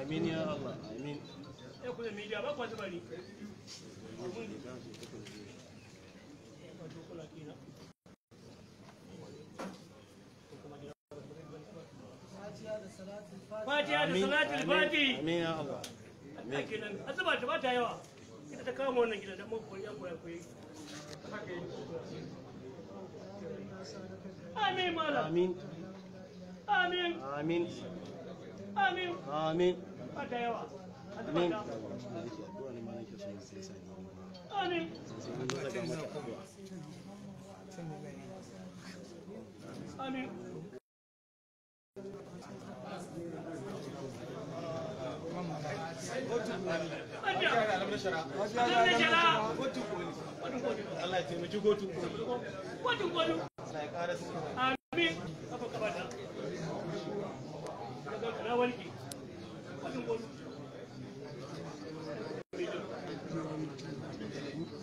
amin ya Allah amin eh, ba Fatiha da salatul fati. Amin ya Allah. Amin. azaba ta bata yawa. ta wannan gidan da mu koyi koyi koyi. Amin malam. Amin. Amin. Amin. amin amin ba yawa amin amin amin Allah ya taimaki Allah ya su. Amin. Abu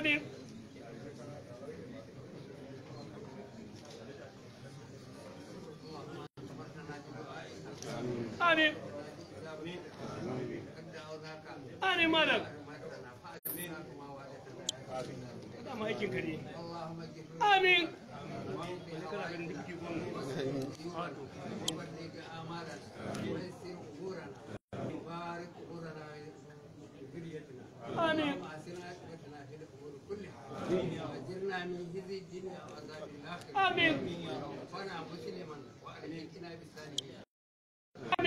ne Amin. Amin Amin. Amin. من خزي الدنيا وعذاب الاخره امين يا رب مسلما والحقنا بالصالحين الحمد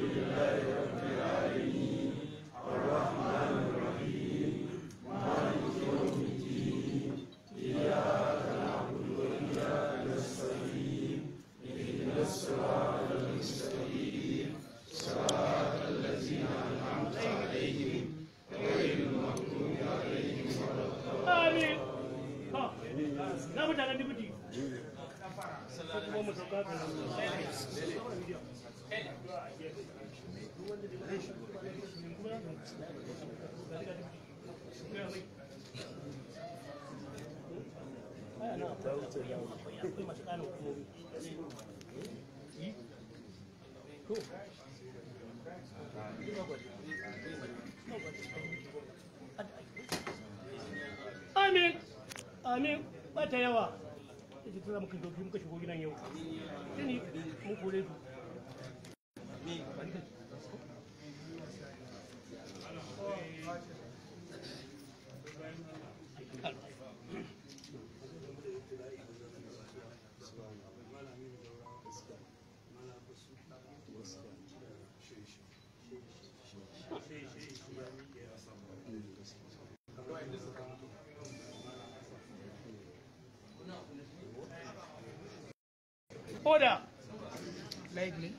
لله رب العالمين الرحمن mutanen dibiti Amin. Amin. ba ta yawa da ta muka doki muka shigo gidan yau sai mun kore su Order. Lively.